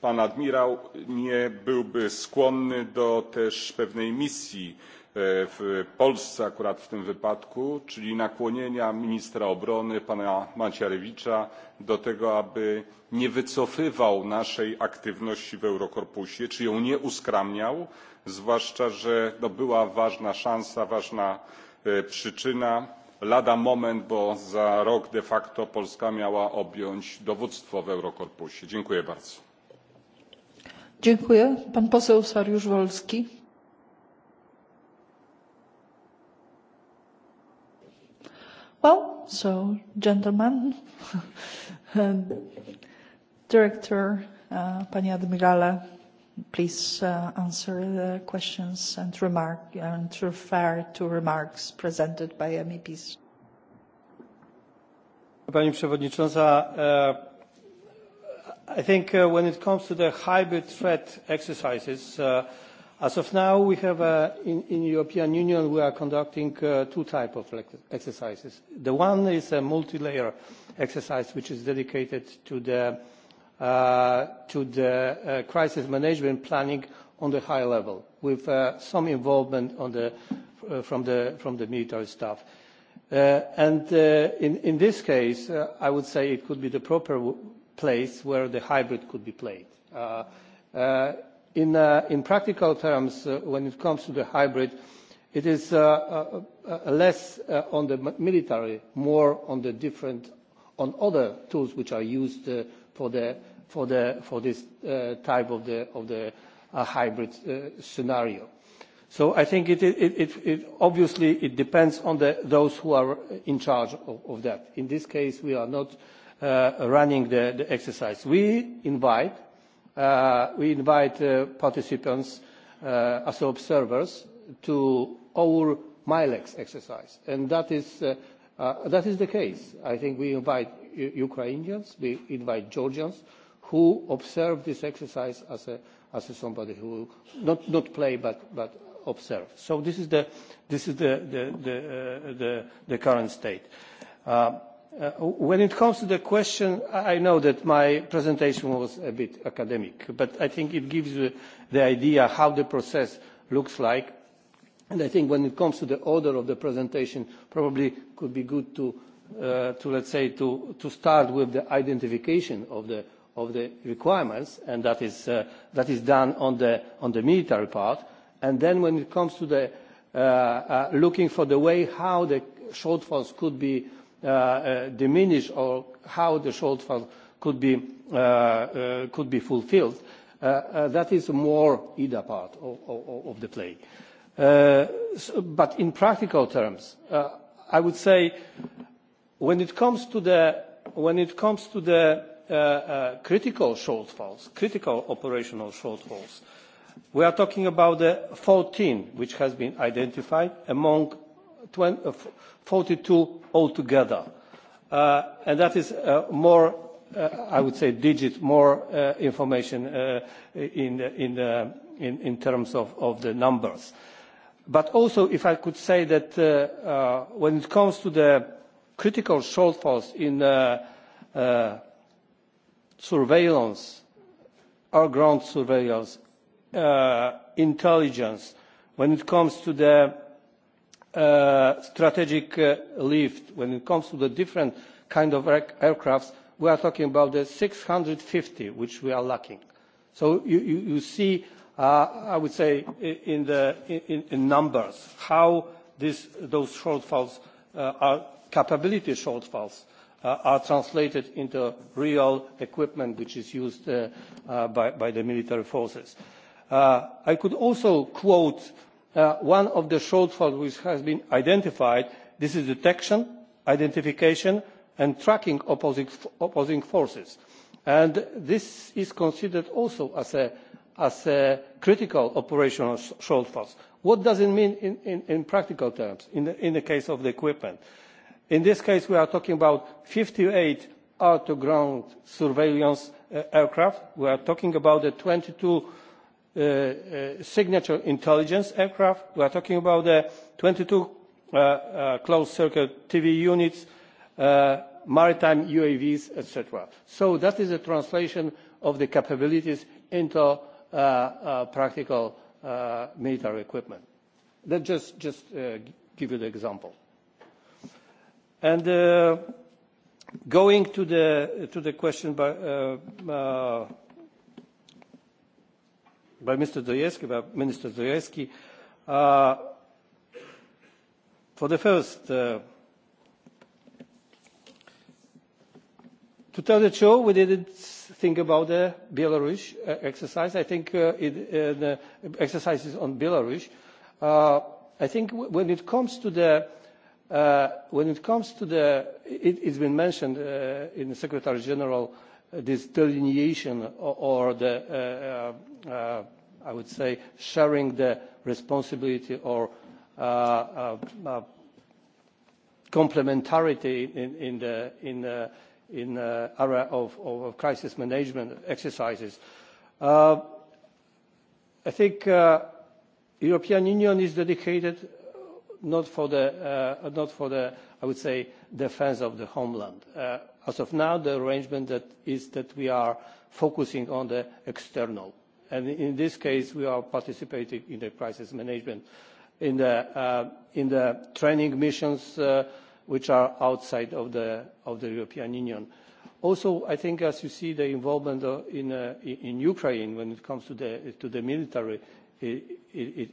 Speaker 2: pan admirał nie byłby skłonny do też pewnej misji e, w polsce akurat w tym wypadku czyli nakłonienia ministra obrony pana macierewicza do tego aby nie wycofywał naszej aktywności w eurokorpusie czy ją nie uskromniał zwłaszcza że no, była ważna szansa ważna E, przyczyna lada moment bo za rok de facto polska miała objąć dowództwo w eurokorpusie. dziękuję bardzo.
Speaker 1: well so gentlemen um, director uh, panie admirale please uh, answer the questions and remark and refer to remarks presented by MEPs.
Speaker 5: Pani Przewodnicząca, uh, I think uh, when it comes to the hybrid threat exercises, uh, as of now we have uh, in, in European Union we are conducting uh, two types of exercises. The one is a multi-layer exercise which is dedicated to the uh, Uh, to the uh, crisis management planning on the high level, with uh, some involvement on the, uh, from, the, from the military staff. Uh, and uh, in, in this case, uh, I would say it could be the proper w place where the hybrid could be played. Uh, uh, in, uh, in practical terms, uh, when it comes to the hybrid, it is uh, uh, uh, less uh, on the military, more on the different, on other tools which are used uh, for the for this uh, type of the uh, hybrid uh, scenario. I think it obviously depends on those who are in charge of that. In this case, we are not running the exercise. We invite participants as observers to our Milex exercise, and that is the case. I think we invite Ukrainians, we invite Georgians, who observe this exercise as a as a somebody who not not play but but observe so this is the this is the the the, uh, the, the current state uh, uh, when it comes to the question, I know that my presentation was a bit academic, but I think it gives you the idea how the process looks like. And I think when it comes to the order of the presentation, probably could be good to, uh, to let's say, to, to start with the identification of the, of the requirements, and that is, uh, that is done on the, on the military part. And then when it comes to the, uh, uh, looking for the way how the shortfalls could be uh, uh, diminished or how the shortfall could be, uh, uh, could be fulfilled, uh, uh, that is more EDA part of, of, of the play. Uh, so, but in practical terms, uh, I would say when it comes to the, when it comes to the Uh, uh, critical shortfalls critical operational shortfalls we are talking about the fourteen which have been identified among uh, forty two altogether and that is more i would say digit more information in in in terms of of the numbers but also if i could say that when it comes to the critical shortfalls in surveillance air ground surveillance uh, intelligence when it comes to the uh, strategic uh, lift when it comes to the different kind of air aircrafts we are talking about the 650 which we are lacking so you, you, you see uh, i would say in the in, in numbers how this those shortfalls uh, are capability shortfalls Uh, are translated into real equipment which is used uh, uh, by, by the military forces. Uh, I could also quote uh, one of the shortfalls which has been identified. This is detection, identification and tracking opposing, opposing forces. And this is considered also as a, as a critical operational shortfall. What does it mean in, in, in practical terms in the, in the case of the equipment? Uh, in this case we are talking about fifty eight air to ground surveillance uh, aircraft we are talking about twenty two uh, uh, signature intelligence aircraft we are talking about twenty two closed circuit tv units maritime uavs etc. so that is a translation of the capabilities into practical military equipment. let me just give you an example. Uh, going to the question by uh, uh, Mr. Dostojevskij, by Minister Dostojevskij. For the first, to tell the truth, we didn't think about the Belarus exercise. I think the exercises on Belarus. I think when it comes to the Uh, when it comes to the it has been mentioned uh, in the secretary general uh, this delineation or the i would say sharing the responsibility or complementarity in the in the in the area of of crisis management exercises i think the european union is dedicated Uh, not for the i would say defence of the homeland. Uh, as of now the arrangement is that we are focusing on the external and in this case we are participating in the crisis management in the uh, training missions which are outside of the european union. also i think as you see the involvement in ukraine when it comes to the military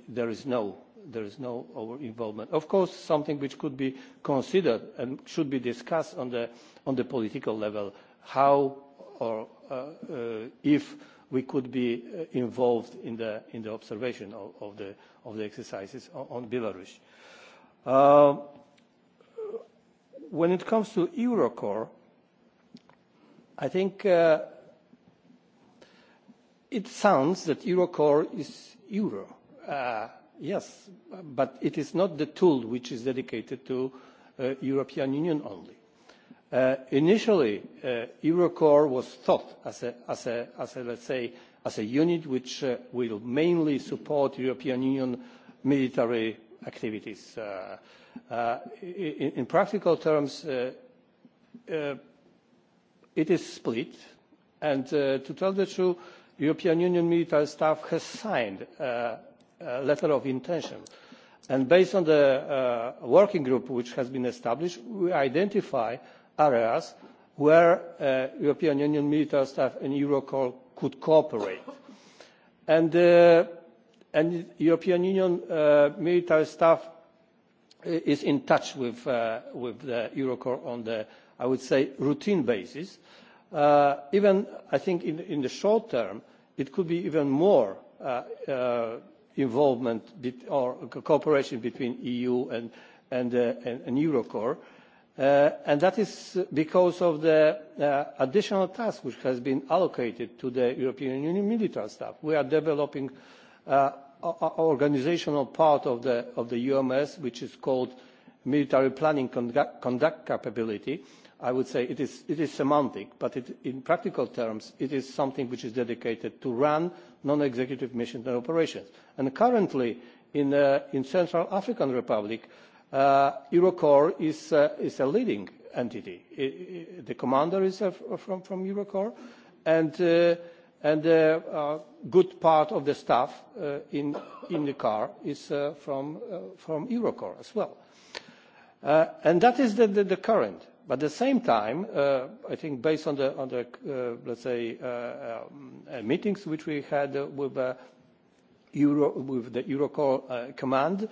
Speaker 5: there is no there is no over involvement. of course something which could be considered and should be discussed on the political level is how or uh, uh, if we could be uh, involved in the observation of the exercises in belarus. when it comes to eurocorps i think it sounds that eurocorps is euro yes but it is not the tool which is dedicated to the uh, european union only. Uh, initially uh, eurocorps was thought as let's say a unit which will mainly support european union military activities. in practical terms it is split and to tell the truth european union military staff has signed Uh, letter of intention. And based on the uh, working group which has been established, we identify areas where uh, European Union military staff and Eurocall could cooperate. And, uh, and European Union uh, military staff uh, is in touch with, uh, with the Eurocorps on the, I would say, routine basis. Uh, even, I think, in, in the short term, it could be even more uh, uh, involvement or cooperation between the eu and uh, eurocorps uh, and that is because of the uh, additional task which has been allocated to the european union military staff. we are developing an organisational part of the ums which is called military planning conduct capability' i would say it is semantic but in practical terms it is something which is dedicated to run non executive missions and operations. currently in the uh, central african republic uh, eurocorps uh, is a leading entity. the commander is from eurocorps and a good part of the staff in the car is from eurocorps as well. that is the current at the same time uh, i think based on the on the uh, let's say uh, um, uh, meetings which we had uh, with uh, euro with the eurocall uh, command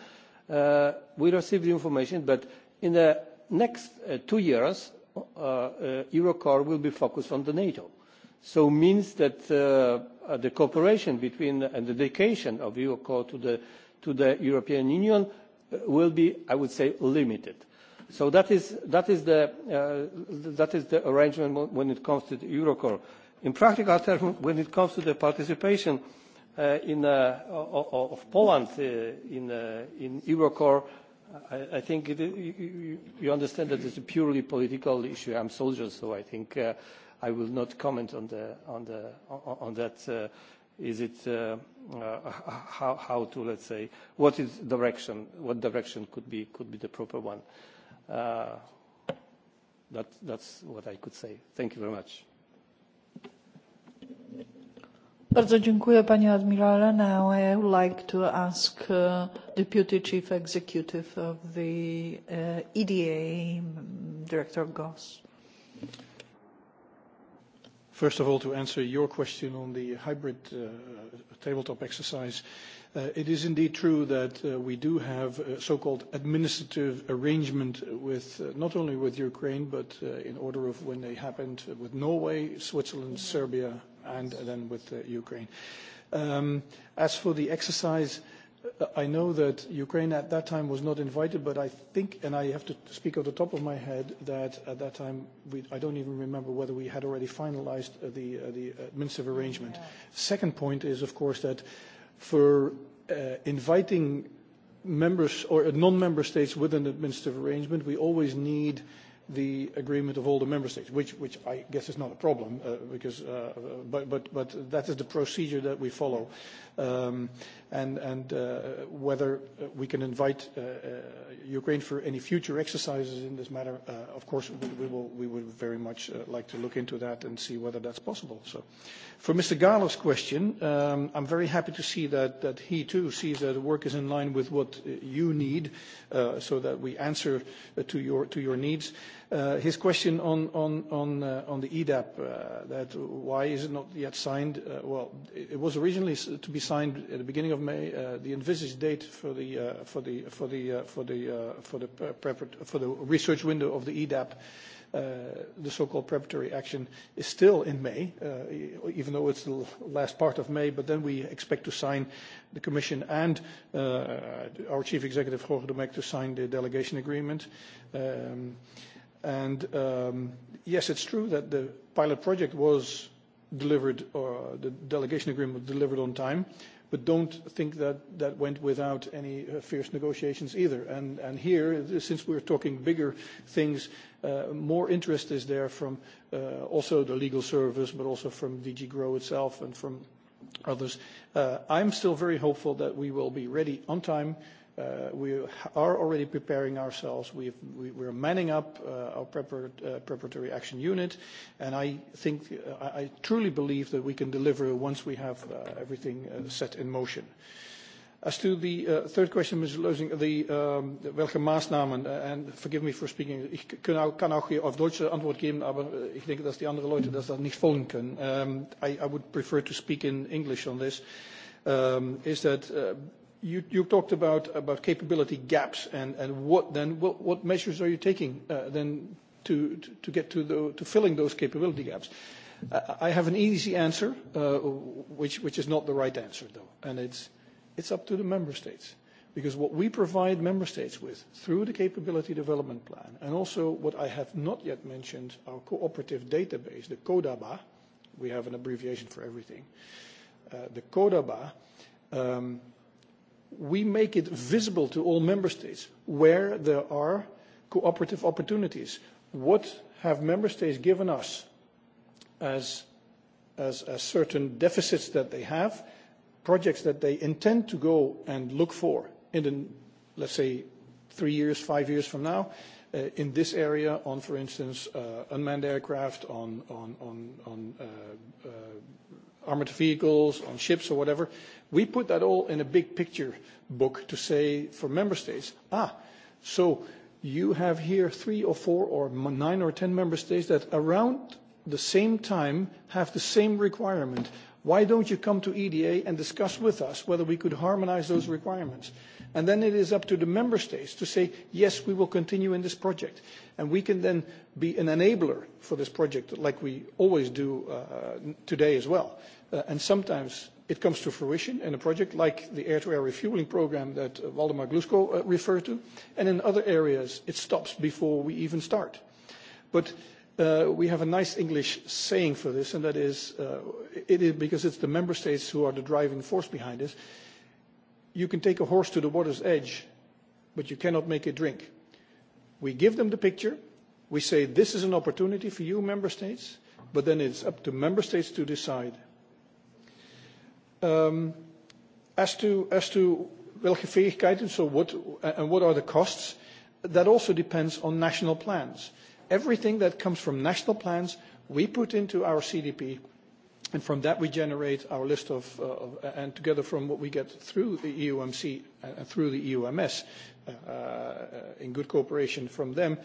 Speaker 5: uh, we received the information but in the next uh, 2 years uh, uh, eurocall will be focused on the nato so it means that uh, uh, the cooperation between and the dedication of eurocall to the to the european union uh, will be i would say limited uh, so that is that is the uh, that is the arrangement when it comes to the eurocore in practical terms when it comes to the participation uh, in uh, of poland uh, in uh, in eurocore I think it, you understand that it's a purely political issue. I'm soldier, so I think uh, I will not comment on, the, on, the, on that. Uh, is it uh, uh, how, how to, let's say, what is direction, what direction could be, could be the proper one? Uh, Uh, that's what i could say. thank you very much.
Speaker 1: Bardzo dziękuję panie admirale. Now I would like to ask uh, deputy chief executive of the uh, EDA mm, director Goss. Thank you.
Speaker 4: First of all, to answer your question on the hybrid uh, tabletop exercise, uh, it is indeed true that uh, we do have a so-called administrative arrangement with not only with Ukraine, but in order of when they happened, with Norway, Switzerland, mm-hmm. Serbia, and then with Ukraine. Um, as for the exercise, I know that Ukraine at that time was not invited, but I think, and I have to speak off the top of my head, that at that time, we, I don't even remember whether we had already finalized uh, the, uh, the administrative uh, arrangement. Yeah. Second point is, of course, that for uh, inviting members or uh, non member states with an administrative arrangement, we always need the agreement of all the member states, which, which I guess is not a problem, uh, because, uh, but, but, but that is the procedure that we follow. Um, and uh, whether uh, we can invite uh, Ukraine for any future exercises in this matter, of course, we would very much like to look into that and see whether that's possible. So for Mr. Gahler's question, um, I'm very happy to see that he too sees that work is in line with what you need, so that we answer to your needs. Uh, his question on uh, the EDAP, uh, that why is it not yet signed? Well, it was originally to be signed at the beginning of May. The envisaged date for the research window of the EDAP, the so-called preparatory action, is still in May, even though it's the last part of May. But then we expect to sign the Commission and our Chief Executive, Jorge Domecq, to sign the delegation agreement. Um, And um, yes, it's true that the pilot project was delivered, or uh, the delegation agreement was delivered on time, but don't think that that went without any uh, fierce negotiations either. And here, since we're talking bigger things, uh, more interest is there from also the legal service, but also from DG GROW itself and from others. I'm still very hopeful that we will be ready on time Uh, we are already preparing ourselves. We're manning up uh, our uh, preparatory action unit, and I think I truly believe that we can deliver once we have everything set in motion. As to the third question, Ms. Leuzing, the um, welke maatregelen, and forgive me for speaking, ich kann auch hier auf Deutsch antworten geben, aber ich denke, dass die anderen Leute das dann nicht folgen können. Um, I would prefer to speak in English on this. Um, is that You talked about capability gaps and what then, what measures are you taking uh, then to get to filling those capability gaps? I have an easy answer, uh, which is not the right answer, though, and it's up to the member states. Because what we provide member states with through the Capability Development Plan, and also what I have not yet mentioned, our cooperative database, the CODABA, we have an abbreviation for everything. Uh, the CODABA um, we make it visible to all member states where there are cooperative opportunities. What have member states given us as, as, as certain deficits that they have, projects that they intend to go and look for in, the, let's say, three years, five years from now, uh, in this area on, for instance, uh, unmanned aircraft, on, on, on, on uh, uh, armored vehicles, on ships or whatever. We put that all in a big picture book to say for member states, ah, so you have here three or four or nine or ten member states that around the same time have the same requirement. Why don't you come to EDA and discuss with us whether we could harmonize those requirements? and then it is up to the member states to say yes we will continue in this project and we can then be an enabler for this project like we always do uh, today as well uh, and sometimes it comes to fruition in a project like the air-to-air refueling program that uh, Waldemar Glusko uh, referred to and in other areas it stops before we even start but uh, we have a nice English saying for this, and that is uh, it is because it's the member states who are the driving force behind this you can take a horse to the water's edge, but you cannot make it drink. We give them the picture. We say, this is an opportunity for you, member states, but then it's up to member states to decide. Um, as to, as to welke fähigkeiten, so what, and what are the costs, that also depends on national plans. Everything that comes from national plans, we put into our CDP And from that, we generate our list of, uh, of and together from what we get through the EUMC and uh, uh, through the EUMS, uh, in good cooperation from them,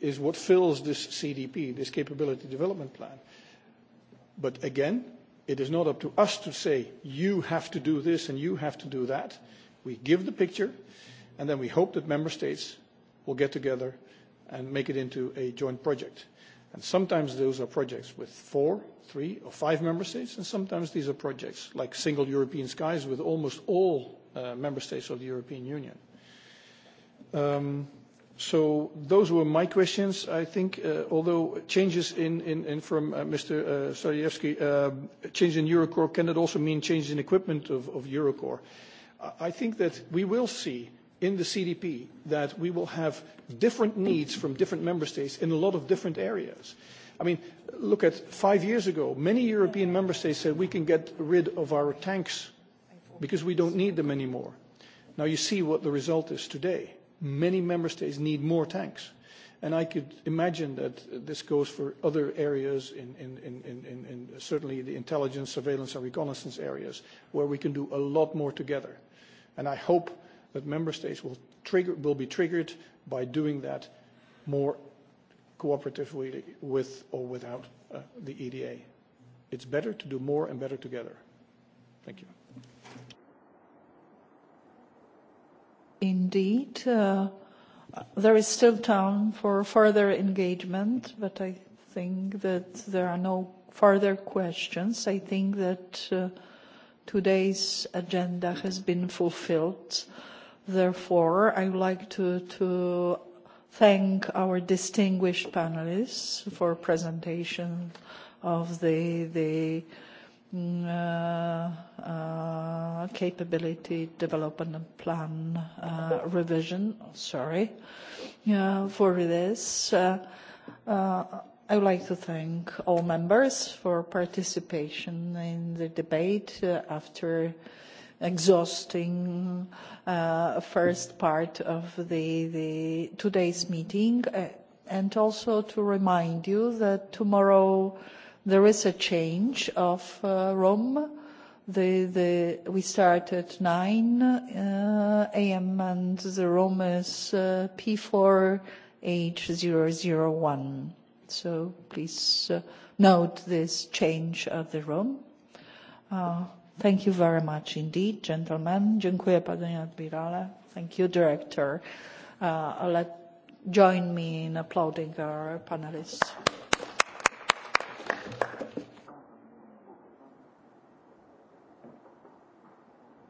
Speaker 4: is what fills this CDP, this capability development plan. But again, it is not up to us to say, you have to do this and you have to do that. We give the picture, and then we hope that member states will get together and make it into a joint project. Sometimes those are projects with four, three, or five member states, and sometimes these are projects like Single European Skies with almost all uh, member states of the European Union. Um, so those were my questions. I think, uh, although changes from uh, Mr. Sergievskiy, change in EuroCorps, can it also mean change in equipment of EuroCorps? I think that we will see in the CDP that we will have different needs from different member states in a lot of different areas. I mean, look at five years ago, many European member states said we can get rid of our tanks because we don't need them anymore. Now you see what the result is today. Many member states need more tanks. And I could imagine that this goes for other areas, in, in, in, in, in, in certainly the intelligence, surveillance, and reconnaissance areas, where we can do a lot more together. And I hope but member states will trigger will be triggered by doing that more cooperatively with or without uh, the EDA. It's better to do more and better together. Thank you.
Speaker 1: Indeed, uh, there is still time for further engagement, but I think that there are no further questions. I think that uh, today's agenda has been fulfilled. Therefore, I would like to thank our distinguished panelists for presentation of the mm, uh, uh, capability development plan uh, revision. Sorry for this. I would like to thank all members for participation in the debate after exhausting uh, first part of the, the today's meeting uh, and also to remind you that tomorrow there is a change of uh, room. The, the, we start at 9 uh, a.m. and the room is uh, P4H001. So please uh, note this change of the room. Uh, Thank you very much indeed, gentlemen. Dziękuję panie admirale. Thank you, director. Uh, let join me in applauding our panelists.